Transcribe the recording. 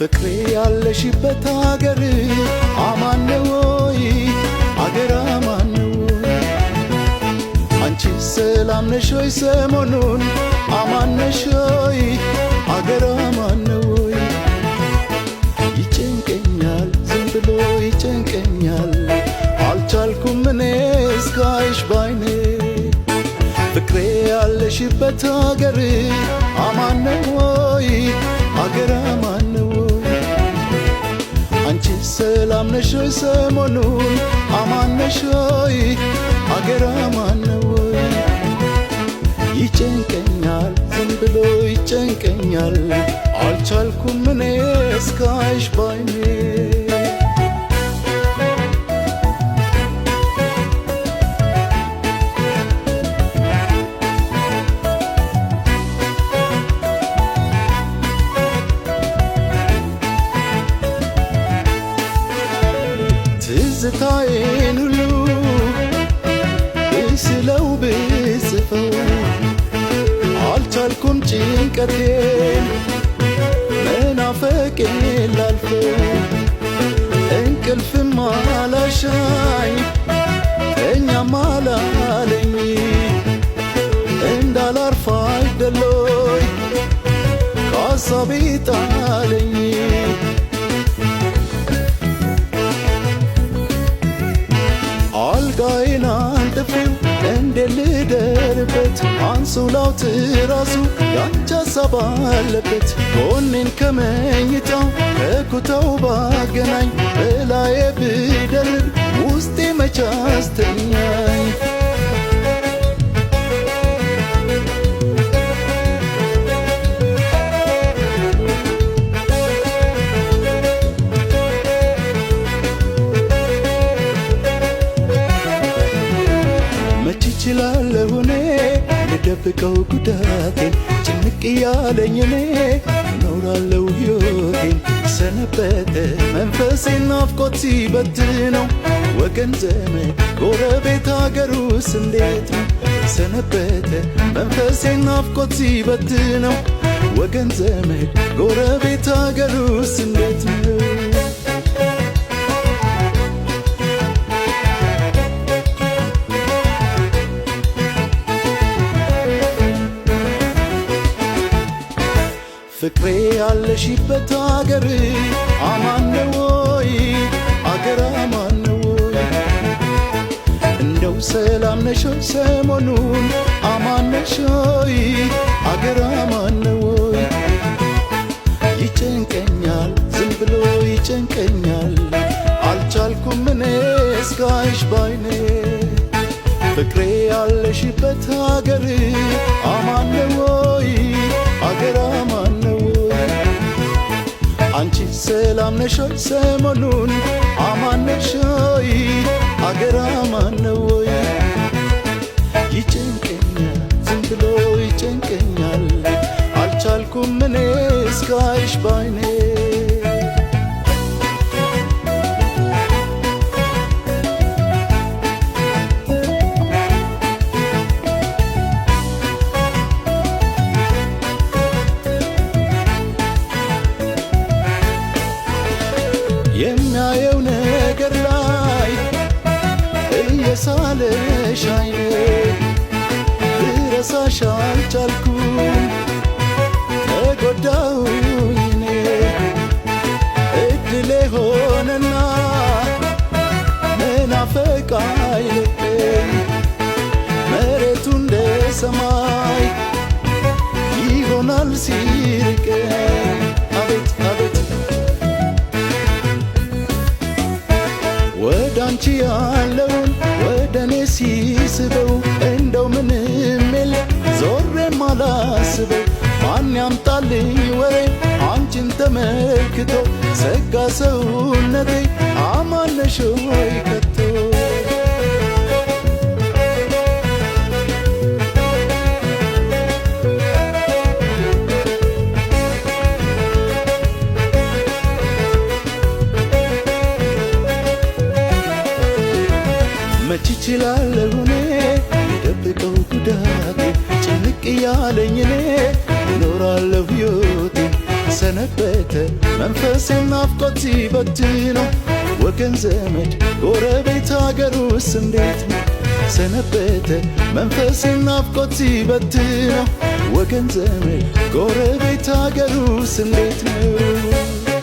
ፍቅሬ ያለሽበት አገር አማነወይ አገር አማነወይ አንቺ ሰላም ነሾይ ሰሞኑን አማነሾይ አገር አማነወይ ይጨንቀኛል ዝም ብሎ ይጨንቀኛል አልቻልኩም እኔ እስካይሽ ባይኔ ፍቅሬ ያለሽበት አገር አማነወይ አገር አማ አማነሽ ሰሞኑን አማነሾይ አገር አማነወይ ይጨንቀኛል ዝም ብሎ ይጨንቀኛል አልቻልኩም እኔ እስካይሽ ባይኔ ትዝታዬን ሁሉ ብስለው ብጽፈው አልቻልኩም ጭንቀቴን መናፈቄን ላልፈው እንቅልፍም አላሻኝ እኛም አላለኝ እንዳላርፋ አይደሎይ ካሳቤ ጣለኝ አንሶ አንሶላው ትራሱ ያንቺ ሀሳብ አለበት ጎኔን ከመኝታው ከኩታው ባገናኝ በላዬ ብደርብ ውስጤ መቻስተኛኝ ሳልጠብቀው ጉዳቴን ጭንቅ ያለኝ እኔ እኖራለው ሕይወቴን ሰነበተ መንፈሴን ናፍቆት ነው? ወገን ዘመድ ጎረቤት አገሩስ እንዴት ነው ሰነበተ መንፈሴን ናፍቆት ነው? ወገን ዘመድ ጎረቤት አገሩስ እንዴት ነው ፍቅሬ ያለሽበት አገር አማነወይ አገር አማነወይ እንደው ሰላም ነሽ ሰሞኑን አማነሾይ አገር አማነወይ ይጨንቀኛል ዝም ብሎ ይጨንቀኛል አልቻልኩም እኔ እስጋይሽ ባይኔ ፍቅሬ ያለሽበት አገር አማነሾይ ሰሞኑን አማነሾይ ይረሳልሽ አይኔ ልረሳሽ አልቻልኩም ተጎዳሁኝ እኔ እድሌ ሆነና መናፈቃይ ልቤ መሬቱ እንደ ሰማይ ይሆናል ሲርቀኝ አቤት አቤት ወደ አንቺ ሳስበው እንደው ምንም የለ ዞሬም አላስበው ማን ያምጣልኝ ወሬ አንቺን ተመልክቶ ሰጋ ሰውነቴ አማነሽ ሆይ ከቶ መች ይችላለሁን ያለኝ እኔ እኖራለሁ ሕይወቴ ሰነበተ መንፈሴም ናፍቆት ሲበትነው ወገን ዘመድ ጎረቤት አገሩስ እንዴት ነው ሰነበተ መንፈሴም ናፍቆት ሲበትነው ወገን ዘመድ ጎረቤት አገሩስ እንዴት ነው